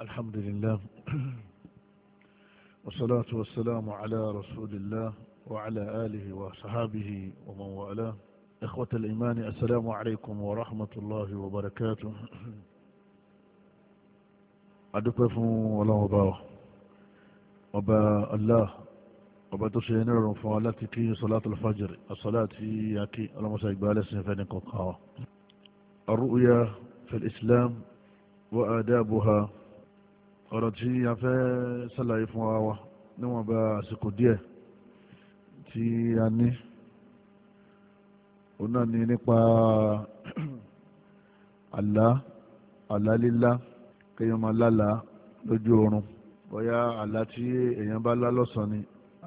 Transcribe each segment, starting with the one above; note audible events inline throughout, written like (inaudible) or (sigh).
الحمد لله والصلاة والسلام على رسول الله وعلى آله وصحابه ومن والاه إخوة الإيمان السلام عليكم ورحمة الله وبركاته أدوك الله ولا وبا الله وبا تسينير فوالاتك صلاة الفجر الصلاة ياكي اللهم سيقبال سنفانك وقاوة الرؤيا في الإسلام وآدابها ọ̀rọ̀ tí a fẹ́ ṣàlàyé fún wa wa níwọ̀n bá àsìkò díẹ̀ tí a ní òun náà ni nípa (clears throat) àlá àlá lílá kéèyàn máa lálàá lójú oorun bóyá àlá tí èèyàn bá lá lọ́sàn ni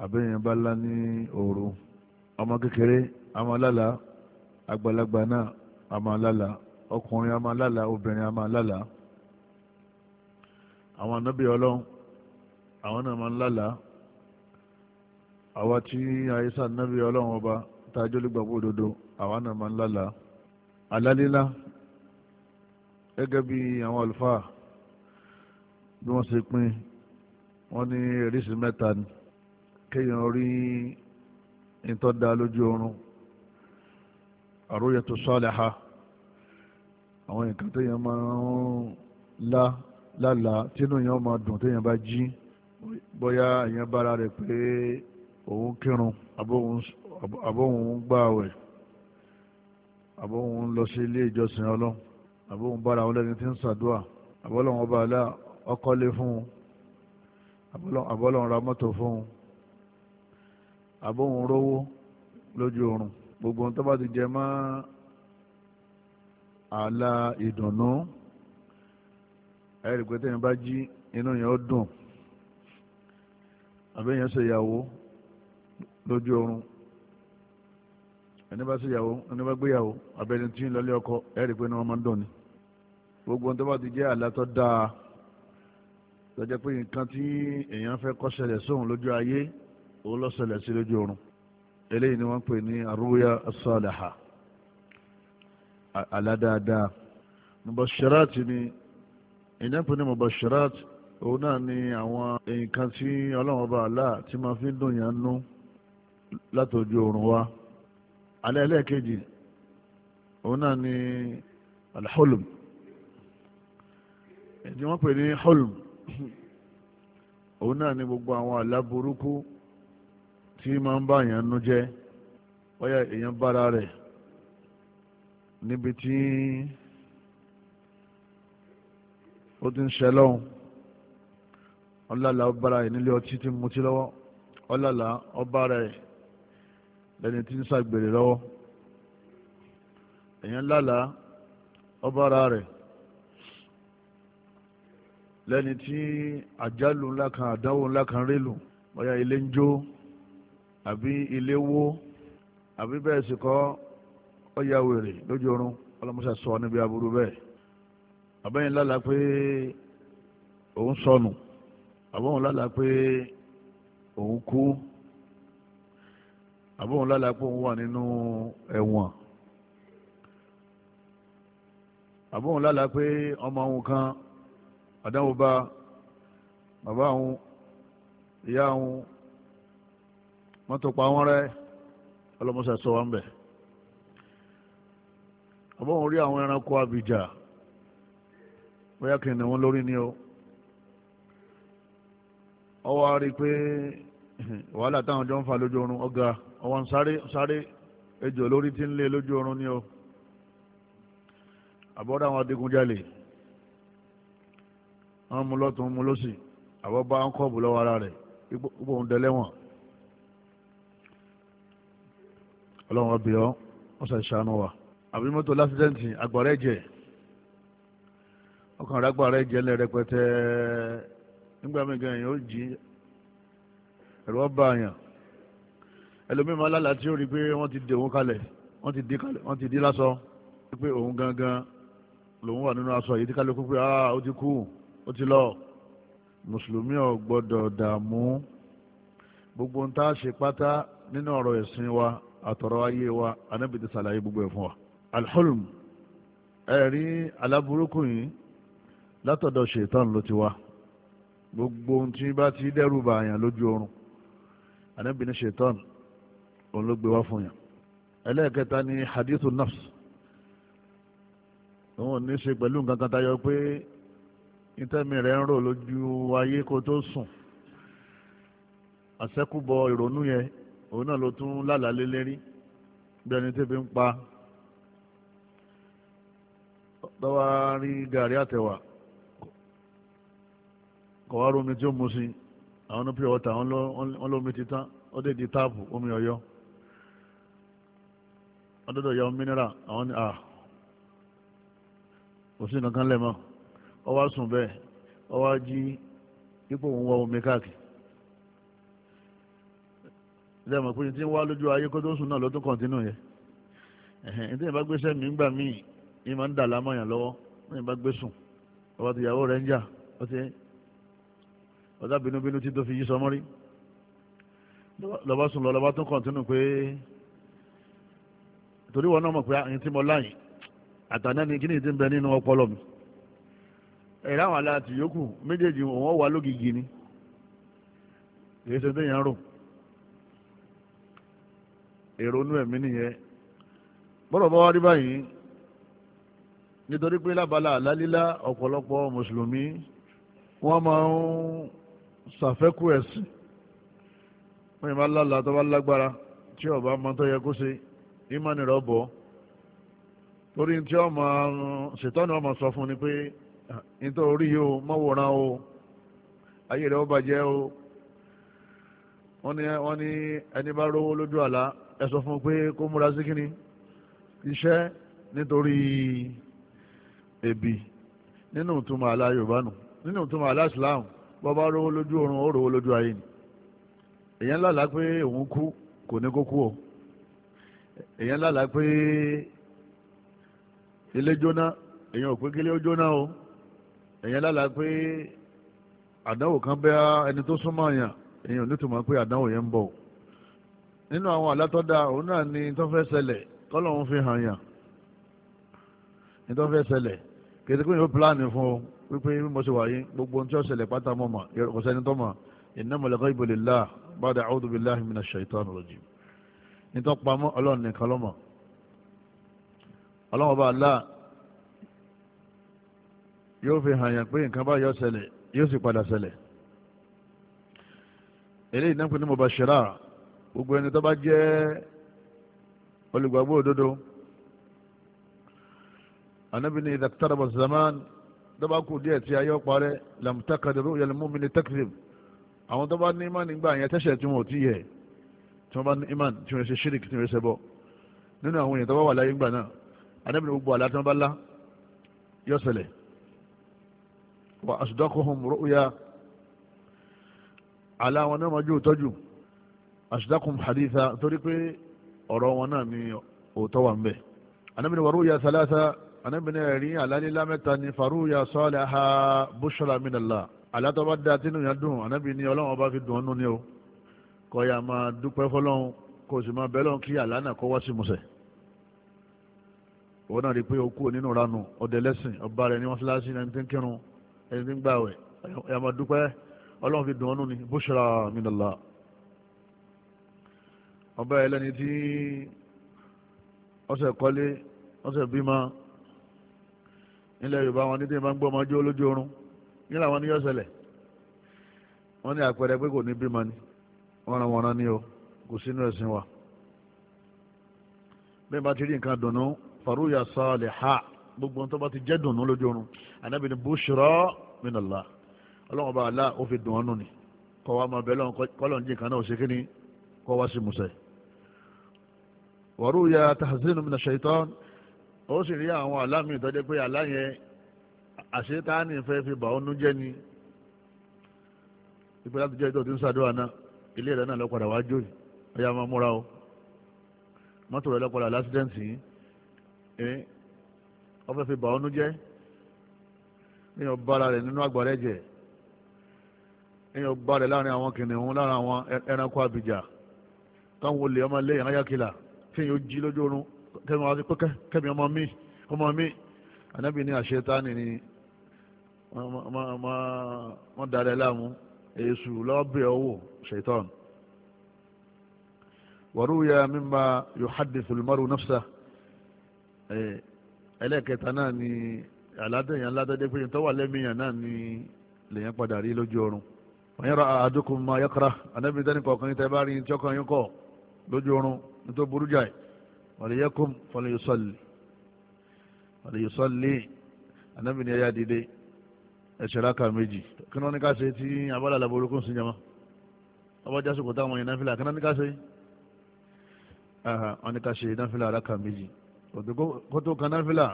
àbí èèyàn bá lá ní òru ọmọ kékeré a máa lálàá àgbàlagbà náà a máa lálàá ọkùnrin a máa lálàá obìnrin a máa lálàá àwọn anábì ọlọ́run àwọn náà máa ń lálàá àwa tí àyíṣà anábì ọlọ́run ọba tá a jólè gbàgbọ́ òdodo àwa náà máa ń lálàá àlálílá gẹ́gẹ́ bí àwọn àlùfáà bí wọ́n ṣe pín wọ́n ní eréṣin mẹ́ta ni kéèyàn rí ìtọ́da lójú oorun àròyẹ̀tò sálíhà àwọn nǹkan máa ń lá lálàá tínú yẹn máa dùn téèyàn bá jí bóyá èèyàn bára rẹ̀ pé òun kírun àbóhun gbààwẹ̀ àbóhun lọ sí ilé ìjọsìn ọlọ́run àbóhun bára wọn lẹ́ni tí ń ṣàdúà àbọ́lọ́run ọba àlá ọkọ́lé fún un àbọ́lọ́run ra mọ́tò fún un àbóhun rówó lójú oorun gbogbo ohun tó bá ti jẹ mọ́ àlà ìdùnnú ẹ̀rí pé tẹ́yìn bá jí inú yẹn ó dùn àbẹ́yẹn ṣe ìyàwó lójú oorun ẹni bá ṣe ìyàwó ẹni bá gbéyàwó àbẹ́ni tí ń lọlé ọkọ ẹ̀rí pé inú wọn máa ń dùn ni gbogbo ohun tó bá ti jẹ́ àlá dáa lọ́jọ́ pé nǹkan tí èèyàn fẹ́ kó ṣẹlẹ̀ sóhun lójú ayé òun ló ṣẹlẹ̀ sí lójú oorun eléyìí ni wọ́n pè ní arúgbóyà sọ́ọ̀lẹ̀ ha àlá dáadáa mubashirati ni ìdẹ́pẹ́ ní mubashirat òun náà ni àwọn nǹkan tí ọlọ́run ọba àlá tí máa fi ń dùn yàn nú látòjú oorun wa alẹ́ ẹlẹ́ẹ̀kejì òun náà ni alḥulm ẹ̀dí wọ́n pè ní hulm òun náà ni gbogbo àwọn àlá burúkú tí máa ń bá yàn nú jẹ́ bóyá èèyàn bára rẹ̀ níbi tí ó ti ń ṣe lọ́hùn ọlọ́lá ọba rẹ̀ nílé ọtí tí ń mutí lọ́wọ́ ọlọ́lá ọba rẹ̀ lẹ́ni tí ń ṣàgbèrè lọ́wọ́ èèyàn lálá ọba ara rẹ̀ lẹ́ni tí àjálù ńlá kan àdánwò ńlá kan rélù bóyá ilé ń jó àbí ilé wó àbí bẹ́ẹ̀ sì kọ́ ọ wèrè lójú oorun ọlọ́mọṣà sọ níbi aburú bẹ́ẹ̀ àbẹ́yìn lálàá pé òun sọnù àbọ̀hún lálàá pé òun kú àbọ̀hún lálàá pé òun wà nínú ẹ̀wọ̀n àbọ̀hún lálàá pé ọmọ òun kan àdánwò bá bàbá òun ìyá òun mọ́tò pa wọ́n rẹ́ ọlọ́mọṣà sọ wọn bẹ̀ àbọ̀hún rí àwọn ẹranko àbìjà bóyá kìí ní wọn lórí ni o ọwọ́ a rí i pé wàhálà táwọn jọ ń fa lójú oorun ọ̀gá ọwọ́ ń sáré sáré ejò lórí tí ń lé lójú oorun ni o àbọ̀dá àwọn adigunjalè wọn mú lọ́tún mú lọ́sì àbọ̀ bá ń kọ́ọ̀bù lọ́wọ́ ara rẹ̀ ipò ń dẹlẹ́wọ̀n ọlọ́run ọbẹ̀ ọ́ ọ̀sẹ̀ ìṣàánú wa àbí mọ́tò lásìdẹ́ǹtì àgbọ̀rẹ́ ọkàn rágbà rẹ jẹlẹ rẹpẹtẹ nígbà míì gan yóò jí ẹ̀rọ ọba àyàn ẹlòmíì máa lálàá tí ó rí i pé wọ́n ti dè òun kalẹ̀ wọ́n ti dé kalẹ̀ wọ́n ti dé lásọ pé òun gangan lòun wà nínú aṣọ yìí kálukú pé ah ó ti kú ó ti lọ mùsùlùmí ò gbọ́dọ̀ dààmú gbogbo ń tá a ṣe pátá nínú ọ̀rọ̀ ẹ̀sìn wa àtọ̀rọ̀ ayé wa anábìtì sàlàyé gbogbo ẹ̀ fún wa. alḥulm ẹ̀rí aláburúkú yìí látọ̀dọ̀ ṣètàn ló ti wá gbogbo ohun tí bá ti dẹ́rù bà àyàn lójú oorun ànábì ní ṣètàn òun ló gbé wá fún yàn ẹlẹ́ẹ̀kẹta ni hadithu nafs òun ò ní ṣe pẹ̀lú nǹkan kan tayọ pé ìtẹ́mi rẹ̀ ń rò lójú ayé kó tó sùn àṣẹ́kùbọ̀ ìrònú yẹn òun náà ló tún lálàá lérí bí ẹni tẹ́bi ń pa lọ́wọ́ gàrí àtẹ̀wà kọ̀wárò omi tí ó mu sí àwọn ní pure water wọn lómi ti tán ó dé di táàpù omi ọ̀yọ́ wọ́n dọ́dọ̀ yọ mineral àwọn ní à kò sí nǹkan lẹ̀ mọ́ ọ wá sùn bẹ́ẹ̀ ọ wá jí ipò òun wọ omi káàkiri ilé ọmọ pé tí ń wá lójú ayé kó tó sùn náà ló tún kọ̀ǹtínú yẹ ẹ̀hìn tí ìbá gbéṣẹ́ mi ń gbà míì ní máa ń dà lámọ̀yàn lọ́wọ́ ní ìbá gbé sùn ọba tìyàwó rẹ̀ ń jà ó ti ọ̀tá bínúbínú tí tó fi yí sọmọ́rí lọ́ba sùn lọ lọ́ba tún kọ̀ǹtínú pé torí wọn náà mọ̀ pé àyìn tí mo láyìn àtàná ni kíni ti ń bẹ nínú ọpọlọ mi ẹ̀rọ àwọn aláàtì yòókù méjèèjì òun wà lógìgì ni kìí ṣe téèyàn rò èrò inú ẹ̀mí nìyẹn bọ́dọ̀ bá wá rí báyìí nítorí pé lábala àlálílá ọ̀pọ̀lọpọ̀ mùsùlùmí wọ́n máa ń ṣàfẹ́kù ẹ̀sìn wọ́n yìí máa lálàá tó bá lágbára tí ọba máa tó yẹ kó ṣe ìmánì rẹ̀ bọ̀ torí tí ọ máa ṣètọ́nù ọmọ sọ fún ni pé nítorí yìí o mọ́wòrán o ayé rẹ̀ ó bàjẹ́ o wọ́n ní wọ́n ní ẹni bá rówó lójú àlá ẹ sọ fún pé kó múra sí kíni iṣẹ́ nítorí ebi nínú ìtumọ̀ àlá yorùbá nù nínú ìtumọ̀ àlá ìsìláàmù. bọ́bá rówó lójú oorun ó rówó lójú ayé ni èyàn lálàá pé òun kú kò ní kó kú o èyàn lálàá pé ilé jóná èyàn ò o èyàn lálàá pé àdánwò kan bẹ́ ẹni tó súnmọ́ èyàn èyàn ò ní tùmọ̀ pé àdánwò yẹn ń bọ̀ nínú àwọn àlátọ́dá òun náà ni tó fẹ́ ṣẹlẹ̀ fi hàn fún o. wípé bí mo ṣe wà yín gbogbo ohun tí ó ṣẹlẹ̀ pátá mọ́ mà kò sẹ́ni tó mà innamal ghaibu lillah ba'da a'udhu billahi minash shaitani rajim nítorí pamọ́ ọlọ́run nìkan lọ́mọ̀ ọlọ́run ọba Allah yóò fi hàn yàn pé nǹkan bá yọ ṣẹlẹ̀ yóò sì padà ṣẹlẹ̀ eléyìí náà pé ní mubashira gbogbo ẹni tó bá jẹ́ olùgbàgbọ́ òdodo Ànábì ní idha iqtaraba dọ́bà kù díẹ̀ tí ayé parẹ́ làmùtàkàdé ru'ya al-mu'min takdhib àwọn tó bá ní imán nígbà yẹn tẹ́sẹ̀ tí wọn ò tí yẹ tí wọ́n bá ní imán tí wọ́n ṣe ṣíríkì tí wọ́n ṣe bọ́ nínú àwọn èèyàn tó bá wà láyé ńgbà náà anábì ní gbogbo àlá tí wọ́n bá lá yọ ṣẹlẹ̀ wa asdaquhum ru'ya àlá wọn náà máa jó tọ́jú asdaquhum haditha torí pé ọ̀rọ̀ wọn náà ni òótọ́ wà ń bẹ̀ anábì ní wa ru'ya thalatha anábìnrin ẹ̀rí àlálílá mẹ́ta ni faruya saliha bushra minallah alátọ́bá dá tínú yẹn dùn anábìnrin ọlọ́run ọba fi dùn ọ́nú ni o kọ́ ya máa dúpẹ́ fọlọ́run kò sì máa bẹ́lọ́n kí àlánà kọ́ wá sí musẹ̀ òun náà rí i pé o kú nínú ranu ọ̀dẹ lẹ́sìn ọba rẹ̀ ní wọ́n fúláṣí ẹni tí ń kírun ẹni tí ń gbàwẹ̀ ya máa dúpẹ́ ọlọ́run fi dùn ọ́nú ni bushra minallah ọba ẹlẹ́ni tí ọ̀sẹ̀ kọ́lé ọ̀sẹ̀ bímọ nílẹ̀ yorùbá wọn ní tí wọn bá ń gbọ́ ọmọ ọjọ́ olójú oorun ní làwọn ní yọ̀sẹ̀lẹ̀ wọ́n ní àpẹẹrẹ pé kò ní bímọ ni wọ́n ran wọn ní o kò sínú ẹ̀sìn wa bẹ́ẹ̀ bá ti rí nǹkan dùnú faruya saliha gbogbo tó bá ti jẹ́ dùnú lójú oorun ànábì ní bushra min ọlọ́run bá Allah ó fi dùn ọ́nù ni kọ́ wa máa bẹ̀ lọ́n kọ́lọ́n jí nǹkan náà ṣe kíni kọ́ wa sí musẹ̀ waruya tahzinu min ash-shaytan ó sì rí àwọn alámì ìtọ́jẹ́ pé aláyẹn àṣetáàní fẹ́ fi bà ọ́nú jẹ́ ni ìpè láti jẹ́ ìtọ́jú ń ṣàdúrà náà ilé rẹ̀ náà lọ́padà wá jó ọ̀yà máa múra o mọ́tò rẹ̀ lọ́padà lásìdẹ́ǹtì yìí ọ fẹ́ fi bà ọ́nú jẹ́ èèyàn bára rẹ̀ nínú àgbàrẹ́ jẹ́ èèyàn bá rẹ̀ láàrin àwọn kìnìún lára àwọn ẹranko àbìjà táwọn olè ọmọ ilé yàrá yàkìlà tí jí lójú kẹ́mi wọn pé kẹ́mi ọmọ mi ọmọ mi ànábì ní àṣetánì ni wọ́n darẹ̀ láàmú èsù lọ́bẹ̀ ọwọ́ ṣètọ́n wàrúwìyà mímba yuhaddithu al-maru nafsa ẹlẹ́ẹ̀kẹta náà ni aládẹ́yìn aládẹ́dẹ́ pé tọ́wà lẹ́mìyàn náà ni lèyàn padà rí lójú oorun wọ́n yára àádókùn máa yẹ́kara anábìyàn tẹ́nìkọ̀ọ̀kan yìí tẹ́ bá rí tí ọkàn yín kọ̀ lójú oorun nítorí burú jáì fọlẹ́yẹkùn fọlẹ́yẹsọ́lì fọlẹ́yẹsọ́lì anábì ní ẹ̀yà dìde ẹ̀ṣẹ̀ ráka méjì kí ni wọ́n ní ká ṣe tí abala làbọ̀ orúkún sí jama ọbọ̀já sọ̀kò táwọn yẹn náfìlà kí ni wọ́n ní ká ṣe wọ́n ní ká ṣe náfìlà ráka méjì kótó kan náfìlà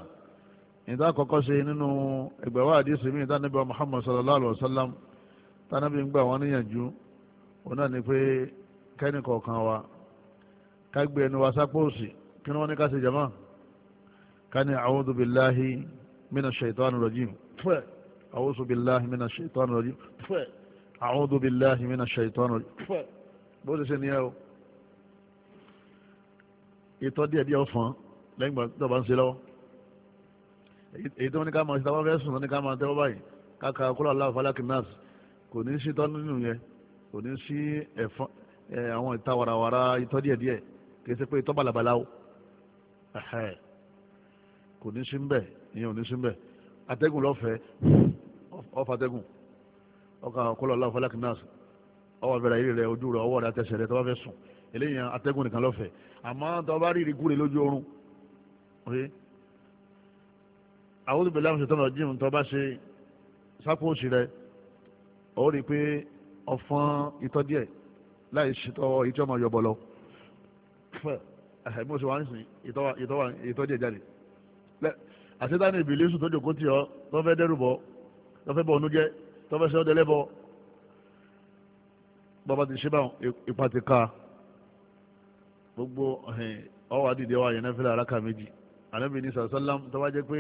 ìdá àkọ́kọ́ ṣe nínú ẹgbẹ̀wá àdìsí mi ìdánibà Muhammad sallallahu alayhi wa sallam tánábì ń gbà wọ́n níyànjú òun náà ni pé kẹ́nìkọ̀ọ̀kan wa ká gbé ẹnu wa sápò òsì kí wọ́n ní ká ṣe jama ká ní a'udhu billahi mina shaitan rajim fẹ́ a'udhu billahi mina shaitan rajim fẹ́ a'udhu billahi mina shaitan rajim fẹ́ bó ṣe ṣe ní ẹ o ìtọ́ díẹ̀ díẹ̀ fún lẹ́yìn ìgbà tó bá ń ṣe lọ́wọ́ èyí tó ní ká máa ṣe táwọn fẹ́ sùn ní ká máa tẹ́wọ́ báyìí káka kúrò aláàfáà lákìnnàṣì kò ní sí tọ́nú nínú yẹn kò ní sí ẹ̀fọn àwọn ìta warawara ìtọ́ díẹ̀ díẹ̀ kì í ṣe pé ìtọ́ bàlàbàlà kò ní sí mbẹ ìyẹn ò ní sí mbẹ atẹ́gùn lọ́fẹ̀ẹ́ ọ̀fà atẹ́gùn ọkà kọlọ̀ ọ̀la ọ̀fà lákìnnáàsì ọwọ́ abẹ́rẹ́ ayé rẹ ojú rẹ ọwọ́ rẹ atẹ́sẹ̀ rẹ tó bá fẹ́ sùn eléyìí atẹ́gùn nìkan lọ́fẹ̀ẹ́ àmọ́ tó bá rí ìrìkúre lójú oorun oye àwọn olùbẹ̀ láwọn ṣètò náà jíìmù tó bá ṣe sápòsì rẹ ó rí i pé ọ̀fọ́n itọ́ díẹ̀ láì ṣètò ìtọ́ ọmọ yọbọ lọ fẹ́ẹ́ bó ṣe wá ń sìn ìtọ́jẹ̀ jáde àṣetánì ìbílẹ̀ sùn tó jòkó tì ọ́ tó fẹ́ dẹ́rù bọ́ tó fẹ́ bọ́ ọ̀nú jẹ́ tó fẹ́ ṣe ọ́ dẹ́lẹ́bọ́ bàbá ti ṣe báwọn ipa ti ka gbogbo ọwọ́ àdìdí ọwọ́ àyẹ̀nẹ́ fẹ́lẹ̀ araka méjì ànábì ní sàlám tó bá jẹ́ pé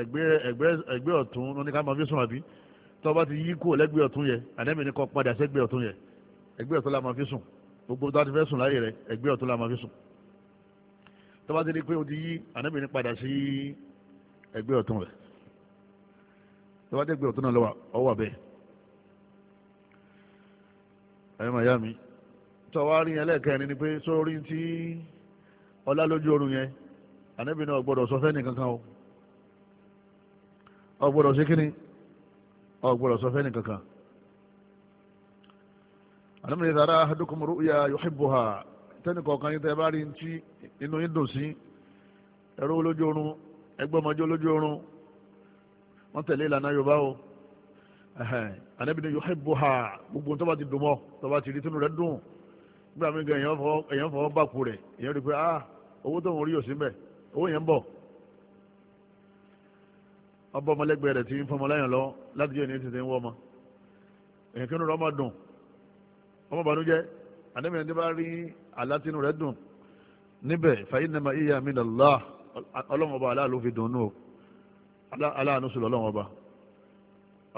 ẹgbẹ́ ọ̀tún ló ní ká máa fi sùn àbí tó bá ti yí kúrò lẹ́gbẹ́ ọ̀tún yẹ ànábì ní kó padà sẹ́gbẹ́ ọ̀tún yẹ ẹgbẹ́ ọ̀tún la máa fi sùn gbogbo tó bá ti fẹ́ sùn láyé rẹ ẹgbẹ́ ọ̀tún la máa fi sùn tó bá ti di pé o ti yí ànábì ní padà sí ẹgbẹ́ ọ̀tún rẹ̀ tó bá dẹ́gbẹ́ ọ̀tún náà lọ́wọ́ ọwọ́ bẹ́ẹ̀ ẹ̀yìn màá yá mi tó wá rí yẹn lẹ́ẹ̀kẹrin ni pé sórí tí ọlá lójú oorun yẹn ànábì náà gbọ́dọ̀ sọ fẹ́ni kankan o ọ ṣe kíni ọ sọ fẹ́ni kankan ànábì ní sara ahadukum ru'ya yuhibbuha. tẹ́nì kọ̀ọ̀kan yìí tẹ́ bá rí ti inú yín dùn sí ẹ̀rọ olójú oorun ẹgbẹ́ ọmọdé olójú oorun wọ́n tẹ̀lé ìlànà yorùbá o ànábì ni gbogbo ti dùn tọba ti rí tínú rẹ̀ dùn nígbà mí gan èèyàn fọwọ́ bá kú èèyàn rí pé a ah, owó tó ń rí bẹ, owó yẹn ń ọba ti ń fọmọ lọ láti ń ọmọ èèyàn alátínú rẹ̀ dùn níbẹ̀ fàyínàmà iya min Allah ọlọ́run ọba aláàlú fi dùn nù aláàánú sùlọ ọlọ́run ọba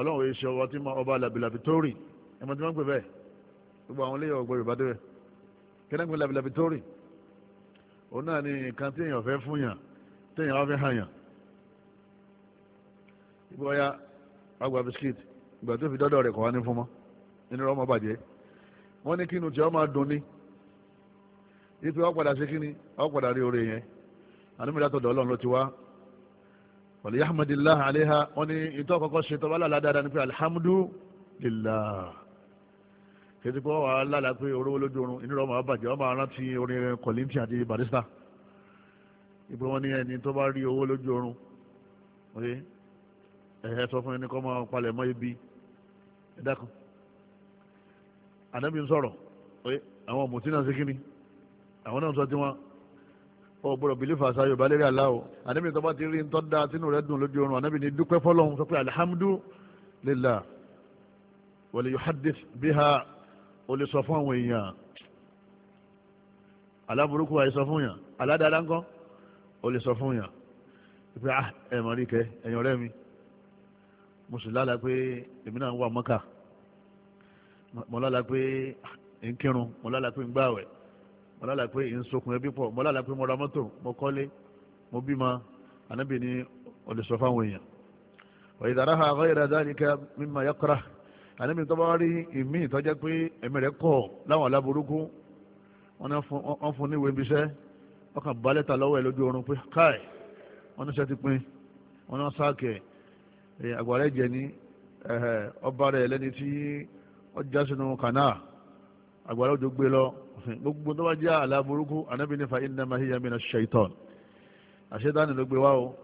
ọlọ́run èyí ṣe ọba tí ma ọba làbìlàbì tó rì ẹmọ tí wọ́n ń pè bẹ́ẹ̀ gbogbo àwọn iléyàwó gbọ́ yorùbá débẹ̀ kíni pé làbìlàbì tó rì òun náà ni nǹkan tí èèyàn fẹ́ fún yàn tí èèyàn wá fẹ́ hàn yàn ibi ọya agba biskit ìgbà tó fi dọ́dọ̀ rẹ̀ kọ̀ wá ní fún mọ́ nínú ọmọ bàjẹ́ wọ́n ní kí ipe ọ padà sí kí ni ọ padà rí oore yẹn àdúmọ̀dá tó dọ̀ ọlọ́run ló ti wá wàlẹ̀ yahmadillah aleha wọn ni ìtọ́ kọ́kọ́ ṣe tọ́ bá lálá dáadáa ni pé alhamdulillah kẹtí pé wàá lálàá pé orówó lójú oorun inú rẹ̀ máa bàjẹ́ wọ́n máa rántí orin kọ̀lìntì àti barista ìpè wọn ni ẹni tó bá rí owó lójú oorun oye ẹ̀hẹ́ sọ fún ẹni kọ́ máa palẹ̀ mọ́ ibi ẹ̀dákan ànábì ń sọ̀rọ̀ oye àwọn mùtí náà ṣe kí ni àwọn náà sọ tí wọn ọ gbọ́dọ̀ bìlífà àṣà yorùbá lérí aláwọ ànábì tó bá ti rí ntọ́ da tínú rẹ dùn lójú oorun ànábì ní dúpẹ́ fọlọ́hún sọ pé alihamudulilayi wọlé yóò hadith bíhá o fún àwọn èèyàn aláburúkú àyè fún yàn aládàáda ńkọ́ o fún yàn pé ah ẹ mọ̀ rí kẹ ẹ̀yìn ọ̀rẹ́ mi mo sì pé èmi náà wà mọ́kà mo lálàá pé nkírun ah, mo lálàá pé ngbàwẹ̀ mo lálàá pé ń sokùn ẹbí pọ̀ mo lálàá pé mo ra mọ́tò mo kọ́lé mo bímọ ànábì ni ó lè sọ fáwọn èèyàn òye dàrá ha ọ̀rẹ́ ìdájá ni ká mímọ yọkọ́ra ànábì tó bá rí ìmí ìtọ́jẹ́ pé ẹ̀mí rẹ̀ kọ̀ láwọn aláborúkú wọ́n fún níwèé ibiṣẹ́ wọ́n kàn bá lẹ́tà lọ́wọ́ ẹ̀ lójú oorun pé káì wọ́n ní sẹ́tí pin wọ́n ní wọ́n sáàkẹ̀ àgbàrá ẹ̀jẹ̀ ní ọba rẹ̀ lẹ́ni tí ọjà sínú kànáà àgbàrá òjò gbé lọ gbogbo tó bá jẹ́ àlá burúkú anábì nífa innama hiya mina shaitan àṣetáni ló gbé wá o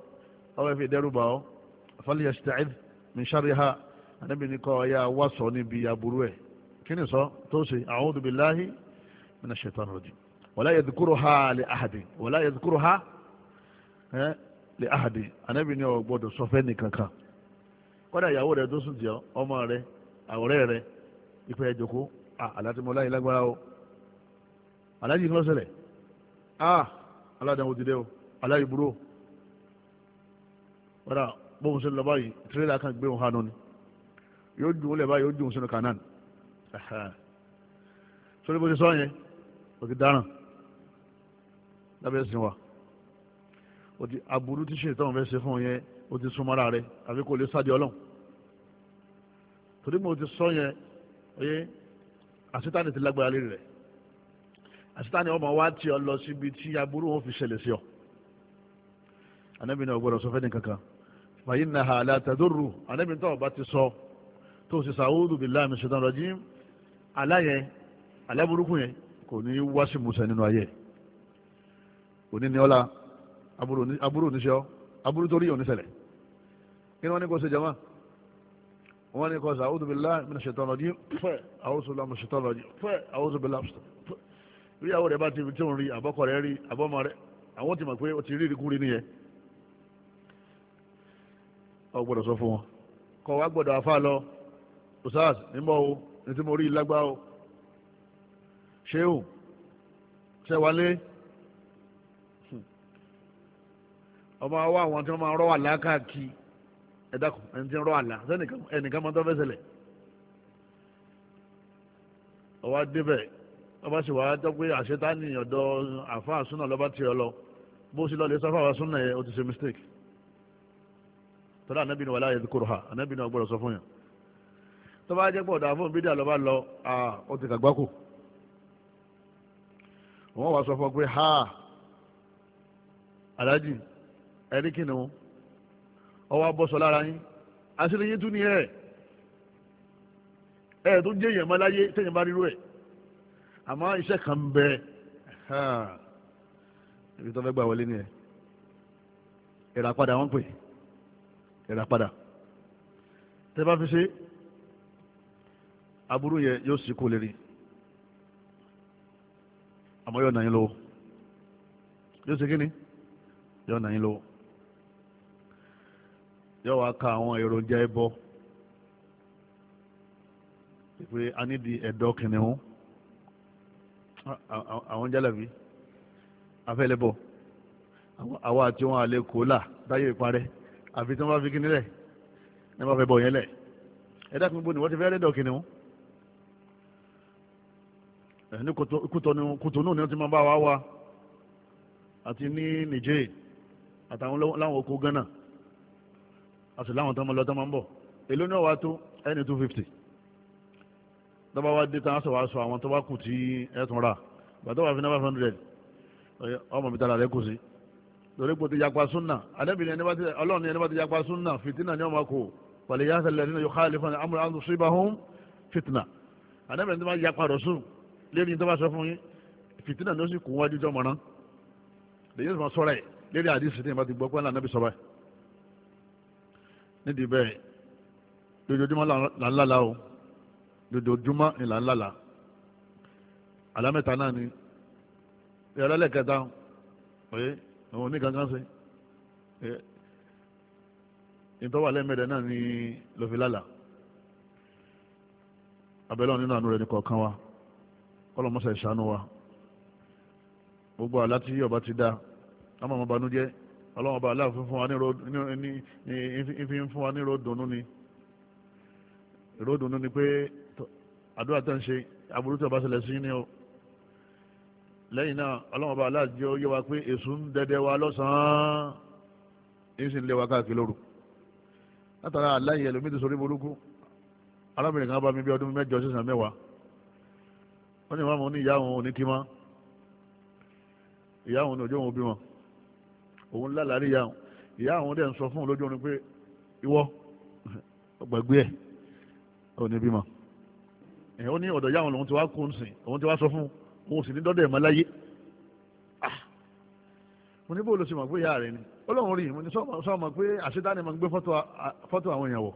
ọwọ́ fi dẹ́rù bá ọ fal yasta'idh min sharriha anábì ní kọ́ ọ̀yà wá sọ níbi aburú ẹ̀ kí ni sọ tó ṣe a'udhu billahi mina shaitan rajim wala yadhkuruha li ahadin wala yadhkuruha li ahadin anábì ní ò gbọ́dọ̀ sọ fẹ́ nìkankan kọ́dà ìyàwó rẹ̀ tó sùn jẹ́ ọmọ rẹ̀ àwọ̀rẹ́ rẹ̀ ìpẹ́ ẹ̀jọ̀kó alátìmọ́lá ah, yìí lágbára o aláàjì kí ló ṣẹlẹ̀ ah, aládàáwò ti dé o aláàjì burú o wọ́n dà bóun ṣe lọ báyìí tírélà kan gbé òun hànú ni yóò dùn ó lẹ̀ báyìí yóò dùn sínú kanáà sórí bó ṣe sọ yẹn o ti dáràn lábẹ́ sin wa o ti aburú ti ṣe ìtàn fẹ́ ṣe fún yẹn o ti súnmọ́ra rẹ àfi kò lè sáde ọlọ́run torí mo ti sọ yẹn oyè àṣetánì ti lágbára lérí rẹ̀ àṣetánì ọmọ wa ti ọ lọ síbi tí aburú wọn fi ṣẹlẹ̀ sí ọ anábìnrin ọgbọ́dọ̀ sọ fẹ́ni kankan fàyí nà ha àlàtàdúrù anábìnrin tó ọba ti sọ tó sì sàúdù billahi minash shaitanir rajim aláyẹn aláburúkú yẹn kò ní wá sí musa nínú ayé kò ní ní ọlá aburú oníṣẹ́ ọ aburú torí oníṣẹ̀lẹ̀ kí ni wọ́n ní kó ṣe jama wọ́n ní kọ́sà àwùjọ bìlá mìíràn ṣètọ́nà jí fẹ́ àwùjọ bìlá mìíràn ṣètọ́nà jí fẹ́ àwùjọ bìlá rí àwọn rẹ̀ bá ti tí òun rí àbọ́kọ rẹ̀ rí àbọ́mọ rẹ̀ àwọn ti mọ̀ pé ó ti rí ìrìkúrí nìyẹn ọ gbọ́dọ̀ sọ fún wọn kọ́ wa gbọ́dọ̀ afá lọ usas nímọ̀ o ní tí mo rí lágbá o ṣéun ṣẹwalé ọmọ wa àwọn tí wọ́n máa rọ́ wà lákàkí ẹ̀dàkùn ẹni tí ń rọ àlà ẹnìkan máa ń tọ́fẹ́ sẹlẹ̀ ọwọ́ débẹ̀ ọba sì wàá tọ́ pé àṣetánì ọ̀dọ̀ àfáà súnà lọ́ba tiẹ̀ lọ bó sì lọ́ọ́ lè sọ́fà wá súnà yẹn ó ti ṣe mistake tọ́lá anábì ni wàlá yẹn kúrò ha anábì ni ọgbọ́dọ̀ sọ fún yàn tọ́ba jẹ́ pé ọ̀dọ̀ àfọ̀n bídà lọ́ba lọ ó ti kàgbákò wọ́n wàá sọ fún ọ pé ha aláàjì ẹni kìnìún ọwọ́ abọ́sọ lára yín àṣírí yín tún ní ẹ̀ ẹ̀ tó jẹ́ èèyàn máláyé téèyàn bá rírú ẹ̀ àmọ́ iṣẹ́ kan bẹ ibi tó fẹ́ gbà wọlé ni ẹ̀ ìràpadà wọ́n pè ìràpadà tẹ́ bá fi ṣe aburú yẹn yóò sì kó lérí àmọ́ yóò nà yín lọ́wọ́ yóò ṣe kí ni yóò nà yín lọ́wọ́ yóò wá ka àwọn èròjà ẹbọ pé a ní di ẹ̀dọ̀ kìnìún àwọn jálàbí afẹ́lẹ́bọ̀ àwa àti wọn àlè kòólà báyìí parẹ́ àfi tí wọ́n bá fi kíní lẹ̀ ní wọ́n fẹ́ bọ̀ yẹn lẹ̀ ẹ̀dá kan ni wọ́n ti fẹ́ rẹ́dọ̀ kìnìún ní Kútọ̀nù ni wọ́n ti máa bá wa wá àti ní Niger àtàwọn láwọn oko Ghana àti láwọn tó ń lọ tó máa ń bọ̀ èló ní ọ̀wá tó ẹni two fifty tọ́ba wa dé tán sọ̀wá sọ àwọn tó bá kù tí ẹ tún rà bàtọ́ wà fi náà five hundred ọmọ mi ta làlẹ́ kù sí torí pé ti yapa súnà alẹ́bìnrin ẹni bá ti ọlọ́run ni ẹni bá ti yapa súnà fìtínà ni ọmọ kò pàlẹ́ yá sẹ́lẹ̀ nínú yóò káàlì fún amúra àwọn sọ ibà hún fìtínà alẹ́bìnrin tó bá yapa rọ̀ sùn lérí tó bá sọ fún yín fìtínà ni ó sì kún wájú jọmọ náà lèyí tó máa sọ nídìí bẹ́ẹ̀ lójoojúmọ́ là ń lálàá o lójoojúmọ́ ni là ń lálàá àlámẹ́ta náà ni ìrọ̀lẹ́ kẹta ọ̀yẹ́ àwọn oníkankan ṣe ìtọ́wà lẹ́mẹ̀rẹ̀ náà ni ló fi lálàá abẹ́lẹ́ nínú àánú rẹ̀ ní kọ̀ọ̀kan wa kọ́lọ́mọ́sà ìṣàánú wa gbogbo àlá tí ọba ti dá àmọ́ ọmọ banújẹ́ ọlọ́wọ́n bá aláàfin fún wa ní ìfín fún wa ní ròdùnú ni ròdùnú ni pé àdúrà tó ń ṣe aburú tó bá ṣẹlẹ̀ sí ni o lẹ́yìn náà ọlọ́wọ́n bá aláàjọ yẹ wa pé èṣù ń dẹdẹ wa lọ́sàn-án èyí sì ń lé wa káàkiri lóru látara aláyè ẹlòmíì ti sọrí burúkú arábìnrin kan bá mi bí ọdún mẹ́jọ sísan mẹ́wàá wọ́n ní ìwà àwọn oníyàwó oníkímá ìyá àwọn oníjọ́ wọn òun lálàárí ìyá òun ìyá òun dẹ̀ ń sọ fún òun lójú oorun pé ìwọ gbàgbé ẹ̀ òun ní bímọ ẹ̀ ó ní ọ̀dọ̀ ìyá òun lòun ti wá kó nsìn òun ti wá sọ fún òun sì ní dọ́dẹ̀ mọ́ láyé ah! mo ní bóòlù sí mọ̀ pé ìyá rẹ̀ ni ọlọ́run rí mo ní sọ ma pé àṣetáni ma gbé fọ́tò àwọn èèyàn wọ̀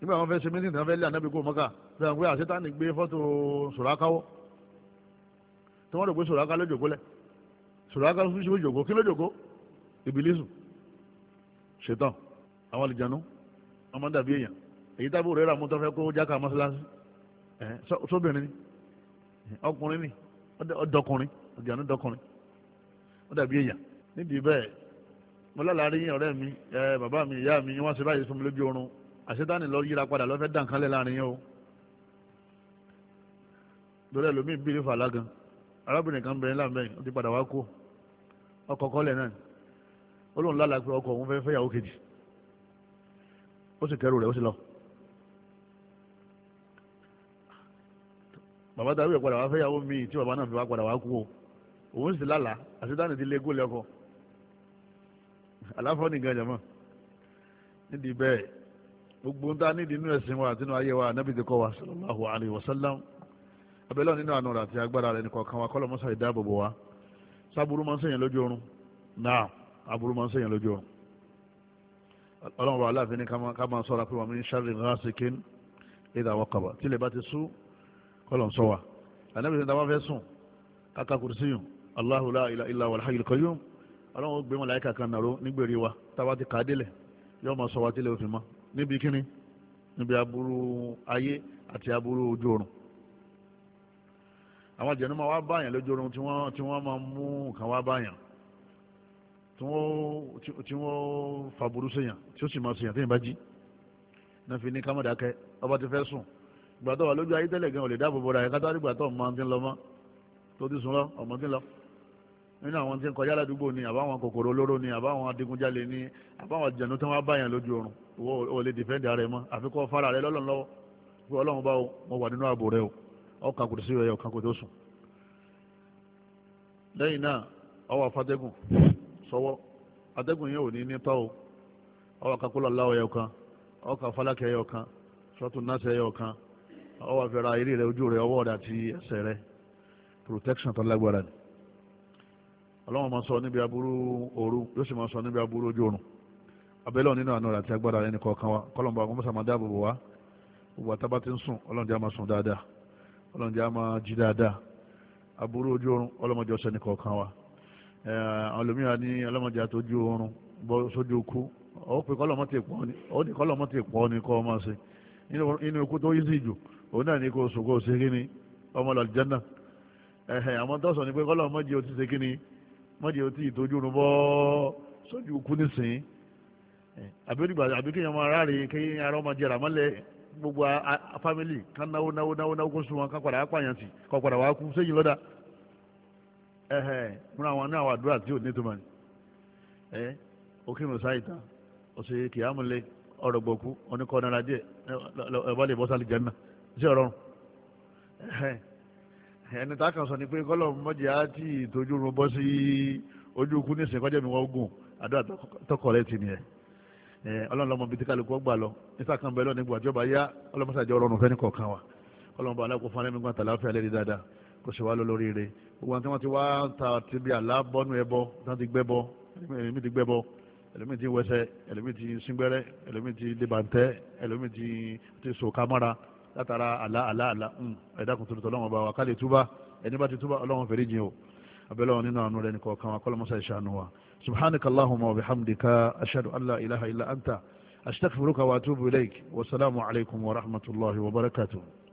nígbà wọn fẹ́ ṣe mítìnì náà fẹ́ lé ànábì kó mọ́kà fẹ́ wọn pé àṣetáni gbé fọ́tò sòrákáwọ́ tí wọ́n rò pé sòráká lójòkó lẹ̀ sòráká lójòkó kí lójòkó ìbílísù ṣètàn àwọn àlìjánu ọmọ dàbí èèyàn èyí tábù rẹ̀ rà mú tó fẹ́ kó jáka mọ́ṣáláṣí sóbìnrin ni ọkùnrin ni ọdọkùnrin àlìjánu dọkùnrin ó dàbí èèyàn nídìí bẹ́ẹ̀ mo lálàárín ọ̀rẹ́ mi bàbá mi ìyá mi wọ́n ṣe báyìí fún mi lójú oorun àṣetáni lọ yíra padà lọ́fẹ́ dànkánlẹ̀ láàrin yẹn o lórí ẹlòmíì bíi fàlágan arábìnrin kan bẹ̀rẹ̀ láàmú bẹ́ẹ̀ ó ti padà wá kú ọkọ̀ kọ́lẹ̀ náà ni olóhùn lálàá pé ọkọ òun fẹ́ fẹ́yàwó kejì ó sì kẹrù rẹ̀ ó sì lọ. bàbá darí ẹ̀ padà wá fẹ́yàwó míì tí bàbá náà fi wá padà wá kú o òun sì lálàá àti dáni ti lé gólé ọkọ àláfọ́ nìkan jàmọ́ nídìí bẹ́ẹ̀ gbogbo ń ta nídìí inú ẹ̀sìn wa àtinú ayé wa anábì kọ́ wa sallallahu alayhi wa sallam abẹ́lẹ́ nínú àánú rẹ̀ àti agbára rẹ̀ nìkan kan wa kọ́lọ́ mọ́sá ìdáàbòbò wa sábúrú máa ń sèyàn lójú oorun náà aburú máa ń sẹ́yìn lójú ọ̀run ọlọ́run wa aláàfin ní ká máa sọ́ra pé wà mí sáré ghasikin ìdá àwọn kaba tílẹ̀ bá ti sú kọ́lọ̀ ń sọ wa ànábì tí wọ́n fẹ́ sùn káka kùrùsíyùn Allahu la ilaha illa huwal hayyul qayyum ọlọ́run ó gbé wọn láyìíká kan nàró nígbèrè wa táwa ti kà á délẹ̀ yóò máa sọ wa tílẹ̀ òfin mọ́ níbi kíni níbi aburú ayé àti aburú ojú oorun àwọn jẹ̀nu máa báyàn lójú oorun tí wọ́n máa mú nǹkan wá báyàn tí wọ́n fàbùrú sèyàn tí ó sì máa sèyàn téèyàn bá jí náà fi ní kámọ́dàkẹ́ ọba ti fẹ́ sùn ìgbà tó wà lójú ayé tẹ́lẹ̀ gan ò lè dáàbò bọ́ra ẹ̀ kátó àdìgbà tó ọmọ ti ń lọ mọ́ tó ti sùn lọ ọmọ ti ń lọ nínú àwọn tí ń kọjá ládùúgbò ni àbáwọn kòkòrò olóró ni àbáwọn adigunjalè ni àbáwọn àjẹnú tí wọ́n bá yàn lójú oorun ò lè dìfẹ́ǹdì ara ẹ mọ́ àfikọ́ fara rẹ lọ́lọ́run lọ́wọ́ pé ọlọ́run bá mo wà nínú ààbò rẹ o ọkàn kò sí rẹ ọkàn kò tó sùn lẹ́yìn náà ọwọ́ afátẹ́gùn sọ́wọ́ atẹ́gùn yẹn ò ní ní o ọwọ́ ya lọ́la ẹyọ kan ọwọ́ ka falakẹ ẹyọ kan sọ́tù nọ́ọ̀sì ẹyọ kan ọwọ́ àfẹ́ra eré rẹ ojú rẹ ọwọ́ rẹ àti ẹsẹ̀ protection tó lágbára ni ọlọ́wọ́n máa sọ níbi aburú òru yóò sì máa sọ níbi aburú ojú oorun oni nínú àná rẹ àti wa ti sùn sùn ji aburú wa Eh, ọlọ́mìnira ní ọlọ́mọdé àtọ́jú oorun bọ sójú okú ó pe kọ́lọ́mọ́ ti pọ̀ ni ó ní ti pọ̀ ni kọ́ ọmọ ṣe inú okú tó yíṣì jù òun náà ní kó sùn ṣe kí ni ọmọ tọ́sọ̀ ni pé kọ́lọ́mọ́ jẹ́ ni mọ́jẹ́ otí ìtọ́jú oorun bọ́ sójú okú nísìnyí àbíkíyàn àbíkíyàn máa ráre kí ara ọmọ jẹrà mọ́lẹ̀ gbogbo fámìlì kan náwó náwó náwó kó ẹ̀hẹ̀ múra wọn ní àwọn àdúrà tí ò nítumọ̀ ni ẹ̀ ó kírun sáìtàn ó ṣe kìámùlẹ̀ ọ̀rọ̀ gbòkú oníkọ́nara díẹ̀ ẹ̀bá lè bọ́ sálì jẹ́nà sí ọ̀rọ̀ ẹ̀hẹ̀ ẹni tá a kàn sọ ni pé kọ́lọ̀ mọ́jì á tì í tójú run bọ́ sí ojú ikú ní ìsìnkọ́jẹ́ mi wọ́n àdúrà tọkọ rẹ ti nìyẹn ọlọ́run lọ́mọ bíi tí kálukú ọgbà lọ níta kan nígbà tí wa ọlọmọ fún dáadáa wá lọ gbogbo àti wọn ti wá ta ti bí àlá bọ́nú ẹbọ náà ti gbẹ́bọ ẹlòmíì ti gbẹ́bọ ẹlòmíì ti wẹsẹ ẹlòmíì ti síngbẹ́rẹ́ ẹlòmíì ti dìbàntẹ́ ẹlòmíì ti ti sò kámọ́ra látara àlá àlá àlá ẹ̀dá kò tó lọ́wọ́ bá wa ká lè túbà ẹni bá ti túbà ọlọ́wọ́n fèrè jìn o abẹ́lẹ́ wọn nínú àánú rẹ̀ nìkan kan wa kọ́lọ́mọ́sá ìṣàánú wa subhanaka allahumma wa bihamdika ashadu an ilaha illa anta astaghfiruka wa atubu ilayk wa salaamu alaykum wa rahmatullahi wa barakatuh